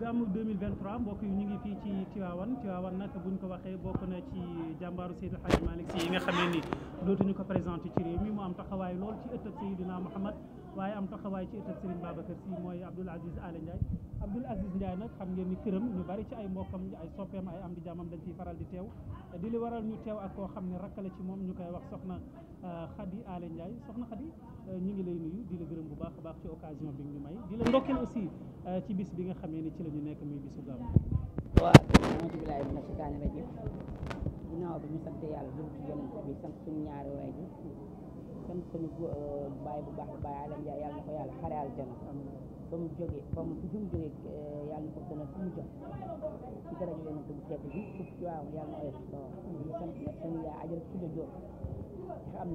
gàmmu 2023 mbokk yi ñu ngi fii ci Tivaouane Tivaouane nag buñ ko waxee bokk na ci jàmbaaru Seydil Hadji Malick Sy yi nga xamee ni dootuñu ko présenté ci réew mi mu am taxawaay lool ci ëtt Seydina Mouhamad waaye am taxawaay ci ëttab Serigne Babacar Sy mooy Abdoul Aziz Aly Ndiaye Abdoul Aziz Ndiaye nag xam ngeen di këram ñu bari ci ay mbokkam ay soppeem ay am di jàmmam dañ ciy faral di teew di li waral ñu teew ak koo xam ne rakk la ci moom ñu koy wax soxna euh, Khady ale Ndiaye soxna Khady euh, ñu ngi lay nuyu di la gërëm bu baax a baax ci occasion bi ñu may di la ndokkeel aussi euh, ci bis bi nga xamee ni ci la ñu nekk muy bisu gàmm waaw aouzu billaahi mina shaytaani rajiim ginnaaw bi yàlla jëm ci yonent tam suñu baay bu baax baay Alam Ndiaye yàlla na ko yàlla xare aljana fa mu jóge fa mu fi mu jóge euh, yàlla na ko gën a fi mu jot ci dara na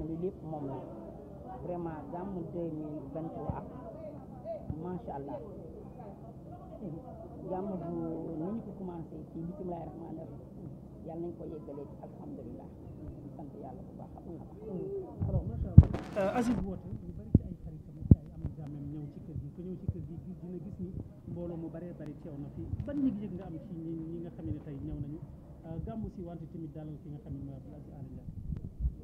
oyof lépp moom la vraiment gàmmu deux mille vingt trois macha allah gàmmu bu ni ñu ko commencé ci bisimilahi rahmaani rahim yàlla nañ ko yeggalee ci alhamdulilah sant yàlla bu baax a baax a baax. Euh, Aziz ñu bari ci ay xaritam ak ay am jàmmam ñëw ci kër gi ku ñëw ci kër gi gis dina gis ni mbooloo mu baree bari teew na fi ban yëg-yëg nga am ci ñi ñi nga xam ne tey ñëw nañu euh, gàmmu si wante tamit dalal ki nga xam ne mooy Abdoul Aziz Aly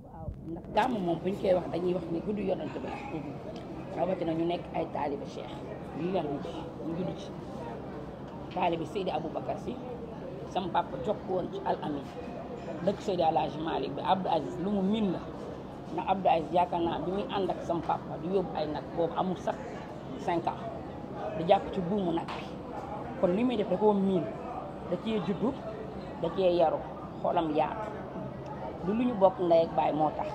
waaw ndax gàmmu moom buñ koy wax dañuy wax ni guddi yonent bi la. rawatina ñu nekk ay taaliba cheikh yu yar ñu ñu judd ci taaliba Seydi Aboubacar si sama papa jokk woon ci al dëkk Seydi Alaaji Malick bi Abdou Aziz lu mu miin la ndax Abdou Aziz yaakaar naa bi muy ànd ak sama papa di yóbbu ay nag boobu amul sax cinq ans di jàpp ci buumu nag bi kon li muy def da koo miin da cee juddu da cee yaru xoolam yaatu lu bokk ndey ak moo tax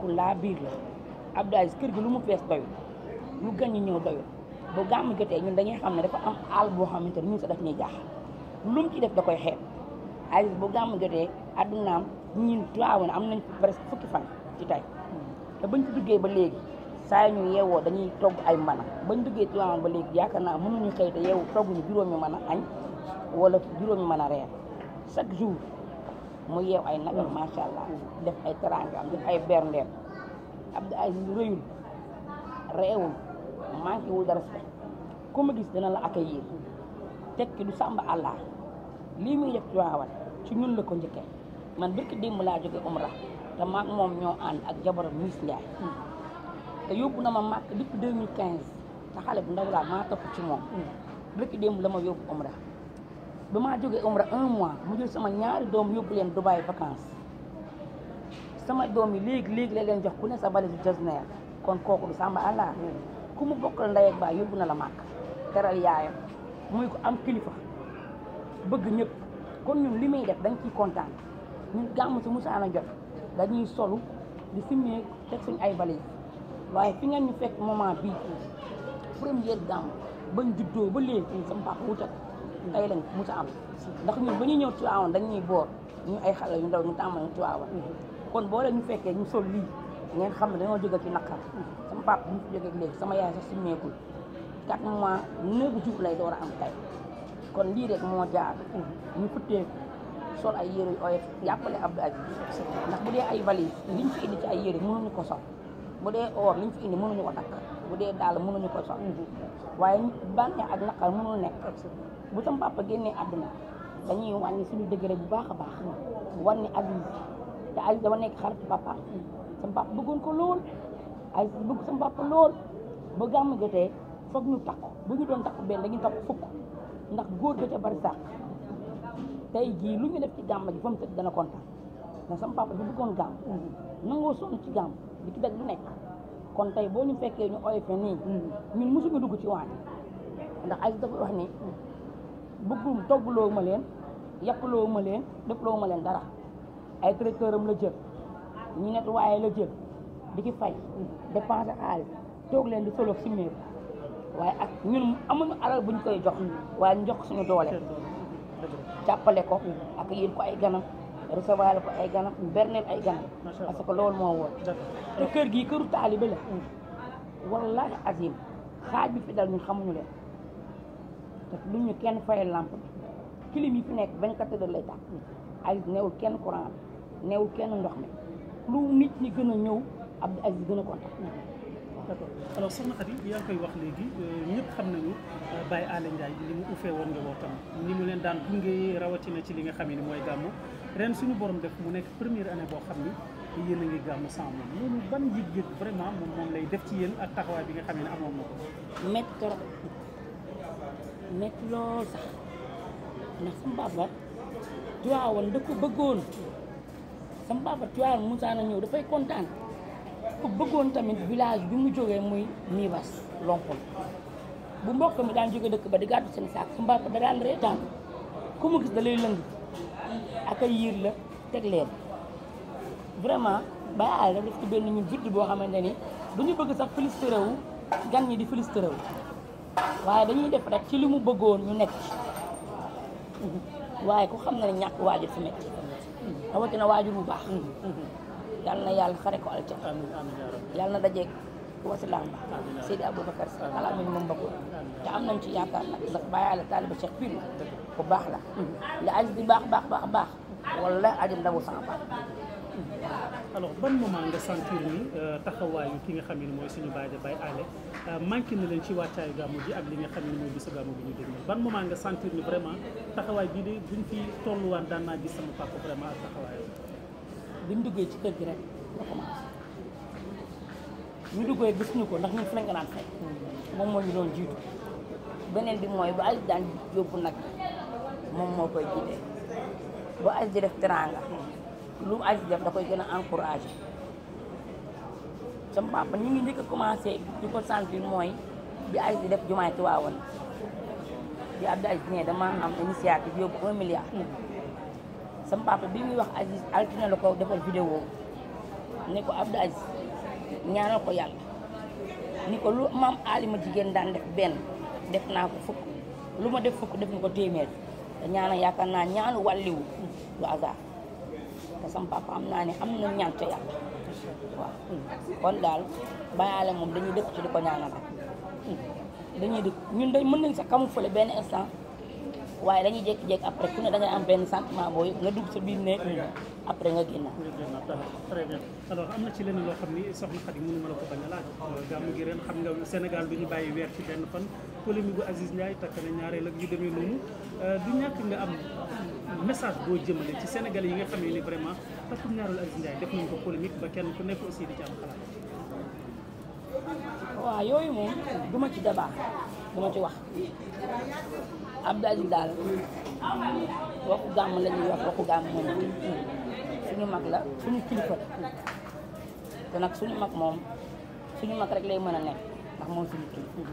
ku laa biir la Abdou kër gi lu mu fees doyul lu gan ñëw bu gàmm jotee ñun dañuy xam ne dafa am àll boo xamante ni ñun sax daf ñuy jaaxal lu mu ci def da koy xeeb Aziz bu gàmm jotee ñu ñun tuwaawoon am nañ presque fukki fan ci tey te bañ ko duggee ba léegi saa ñu yeewoo dañuy togg ay mbana bañ duggee tuwaawoon ba léegi yaakaar naa mënuñu xëy te yeewu togguñu juróomi mën a añ wala juróomi mën reer chaque jour mu yeew ay nag mm. macha allah def ay teraangaam def ay berndeem Abdou Aziz rëyul reewul manqué wul dara respect ku ma gis dana la accueillir tekki du sàmba àllaa lii muy def Tiwaawan ci ñun la ko njëkkee man barki démb laa joge umra te maag moom ñoo ànd ak jabaram Miss Ndiaye te yóbbu na ma màkk depuis 2015 te xale bu ndaw laa maa topp ci moom démb la ma yóbbu umra ba maa jógee mu sama ñaari doom yóbbu leen Dubaï vacances sama doom yi léegi léegi la leen jox ku sa valise du jasneer kooku du sàmba àllaa mm. ku mu bokkal ndey ak yóbbu na la màkk teral yaayam muy ko am kilifa bëgg ñëpp kon ñun li muy def dañ ciy kontaan ñu ñun gàmm su musaana jot dañuy solu di simmee teg suñ ay valise waaye fi ngeen ñu fekk moment bii première gàmm bañ juddoo ba léegi sama papa wutal tey lañ musa am ndax ñun ba ñu ñëw Tiwaawan dañ ñuy boor ñu ay xale yu ndaw ñu tàmmal ñu Tiwaawan kon boo leen ñu fekkee ñu sol lii ngeen xam ne dañoo jóge ci naqar sama papa bu léegi sama yaay sax simmeekul quatre mois neuf jours lay door a am tey kon lii rek moo jaar ñu futteeku sol ay yére yu oyof yàppale Abdou Aziz ndax bu dee ay valise liñ fi indi ci ay yére mënuñu ko sol bu dee or liñ fi indi mënuñu ko takk bu dee dàll mënuñu ko sol waaye bànneex ak naqar mënul nekk bu tam papa génnee àdduna dañuy wàññi suñu degré bu baax a baax wan ni te Aziz dama nekk xaritu papa sama papa bëggoon ko lool ay bëgg sama lool ba gàmm jotee foog ñu takk bu ñu doon takk benn dañuy takk fukk ndax góor ga ca bari sàq tey jii lu ñu def ci gàmm ji fa mu tëdd dana kontaan ndax sama papa bi bëggoon gàmm nangoo sonn ci gàmm di ci daj nekk kon tey boo ñu fekkee ñu oyofe nii ñun mosuñu dugg ci waañ ndax ay dafa wax ni bëggum togguloo ma leen yàquloo ma leen defloo ma leen dara ay traiteur am la jël ñu net waaye la jël di ci fay dépensé xaalis toog leen di solo si meer waaye ak ñun amuñu alal buñ koy jox waaye ñu jox suñu doole jàppale ko ak yéen ko ay ganam recevoir ko ay ganam berneel ay ganam parce que loolu moo woon te kër gii këru taalibe la mm. wallahi azim xaaj bi fi dal ñun xamuñu leen te lu ñu kenn faye làmp kilim yi fu nekk vingt ko heures lay tàkk ay neewul kenn courant bi kenn ndox mi lu nit ñi gën a ñëw Abdou Aziz gën a kontaan d' accord alors soxna yaa ngi koy wax léegi euh, ñëpp xam nañu euh, Baye Alé Ndiaye li mu uffee woon nga wootam ni mu leen daan gunge rawatina ci li nga xam ne mooy gàmmu ren suñu boroom def mu nekk première année boo xam ni yéen a ngi gàmmu sans moom loolu ban yëg-yëg vraiment moom moom lay def ci yéen ak taxawaay bi nga xam ne amoon na ko. métti trop métti lool sax ndax sama baaba Tiwaawan ko bëggoon sama baaba Tiwaawan Moussa na ñëw dafay kontaan. dafa bëggoon tamit village bi mu jógee muy Nivass Lonkol bu mbokk mi daan jóge dëkk ba di gàddu seen saak su mbaa da daan reetaan ku mu gis da lay lëng ak yiir la teg leen vraiment Baye Alé daf def ci benn ñun vidéo boo xamante ni du bëgg sax félicité gan ñi di félicité wu waaye dañuy def rek ci li mu bëggoon ñu nekk waaye ku xam na ne ñàkk waajur fi metti rawatina waajur bu baax yàlla na yàlla xare ko aljan yàlla na dajeeg wasilaam ba Seydi Aboubacar Si al amin moom mbokk te am nañ ci yaakaar nag ndax bàyyi àlla taaliba Cheikh Pir baax la li aji di baax baax baax baax wala aji ndawul sama baax alors ban moment nga sentir ni euh, ki nga xam ne mooy suñu baay de Baye Allé euh, na leen ci wàccaayu gàmmu ji ak li nga xam ne mooy bisu gàmmu bi ñu déglu ban moment nga sentir ni vraiment taxawaay bii de buñ fi tolluwaan daan naa gis sama papa vraiment ak taxawaayam. bi ñu duggee ci kër gi rek la commencé ñu duggee gis ñu ko ndax ñun fi lañ ko naan fekk moom moo ñu doon jiitu beneen bi mooy bu Aziz daan yóbbu nag moom moo koy jiite bu Aziz di def teranga lu Aziz def da koy gën a encouragé sama papa ñu ngi njëkk a commencé di ko sentir mooy bi Aziz di def jumaay Tiwaawan bi Abdou Aziz ne dama am initiative yóbbu un milliard sama papa bi muy wax Aziz altine la ko defal vidéo ne ko Abdou Aziz ñaanal ko yàlla ni ko lu maam alima jigéen daan def benn def naa ko fukk lu ma def fukk def na ko téeméer te ñaanal yaakaar naa ñaanu wàlliwu du hasard te sama am naa ne am na ñaan ca yàlla waaw kon daal bayaale moom dañuy dëkk ci di ko ñaanal dañuy dëkk ñun dañ mën nañ sax camoufler benn instant waaye dañuy jékki-jékki après ku ne da am benn sentiment booy nga dugg sa biir nekk après nga génn. très am na ci leneen loo xam ni soxna Khady mënu ma la ko bañ a laaj. gàmmu euh, gi ren xam nga Sénégal du ñu bàyyi weer ci benn fan polémique bu Aziz Ndiaye takk na ñaareel ak demee noonu euh, du ñàkk nga am message boo jëmale ci Sénégalais yi nga xam ne vraiment parce que ñaareelu Aziz Ndiaye def nañu ko polémique ba kenn ku nekk aussi di ci am xalaat. waaw yooyu moom ma ci débat ma ci wax. Abdou Aziz daal waxu gàmm la ñuy wax waxu gàmm moom suñu mag la suñu kilifa la te nag suñu mag moom suñu mag rek lay mën a nekk ndax moom suñu kilifa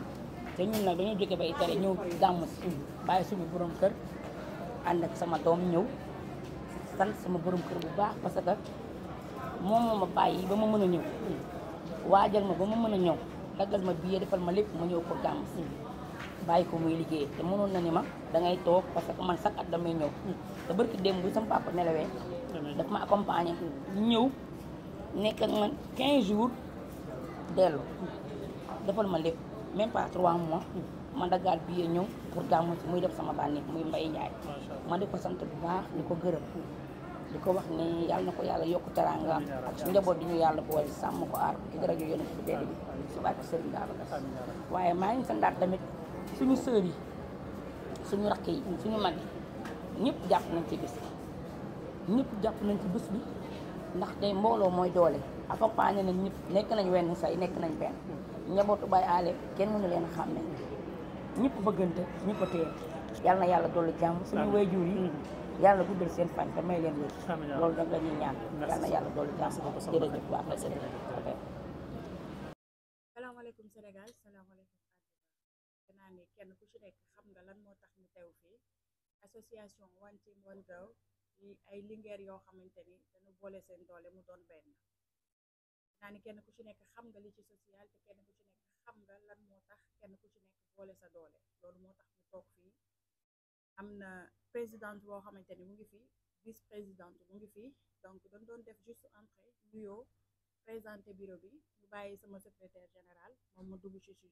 te ñun nag dañoo jóge bay tere ñëw gàmm si bàyyi suñu borom kër ànd ak sama doom ñëw sant sama borom kër bu baax parce que moom moo ma bàyyi ba ma mën a ñëw waajal ma ba ma mën a ñëw daggal ma billet defal ma lépp ma ñëw ko gàmm si bàyyi ko muy liggéey te mënoon na ni ma da ngay toog parce que man chaque at damay ñëw te barki démb bu sama papa nelawee daf ma accompagné ñëw nekk man 15 jours dellu defal ma lépp même pas 3 mois ma daggaat bi ñëw pour gàmmu si muy def sama bànni muy Mbaye Ndiaye ma di ko sant bu baax di ko gërëm di ko wax ni yàlla na ko yàlla yokku teraanga ak su njaboot di ñu yàlla ko wal sàmm ko aar ci darajo yonent bu tedd bi si barke Sëriñ Babacar suñu sœur yi suñu rakk yi suñu mag yi ñëpp jàpp nañ ci bés bi ñëpp jàpp nañ ci bés bi ndaxte mbooloo mooy doole accompagné nañ ñëpp nekk nañ wenn say nekk nañ benn njabootu bay ale kenn mënu leen xam ne ñëpp bëggante ñëpp a téye yàlla na yàlla dolli jàmm suñu waajur yi mm-hmm. yàlla guddal seen fan te may leen wér loolu daf la ñuy ñaan yàlla na yàlla dolli jàmm jërëjëf waa salaamaaleykum Sénégal salaamaaleykum naa ne kenn ku ci nekk xam nga lan moo tax mu tew fii association One Team One yi ay lingeer yoo xamante ni dañu boole seen doole mu doon benn naa ni kenn ku ci nekk xam nga li ci social te kenn ku ci nekk xam nga lan moo tax kenn ku ci nekk boole sa doole loolu moo tax mu toog fii am na présidente boo xamante ni mu ngi fii vice présidente mu ngi fii donc dañ doon def juste entrée nuyoo présenté bureau bi ñu bàyyi sama secrétaire général moom ma dugg ci bi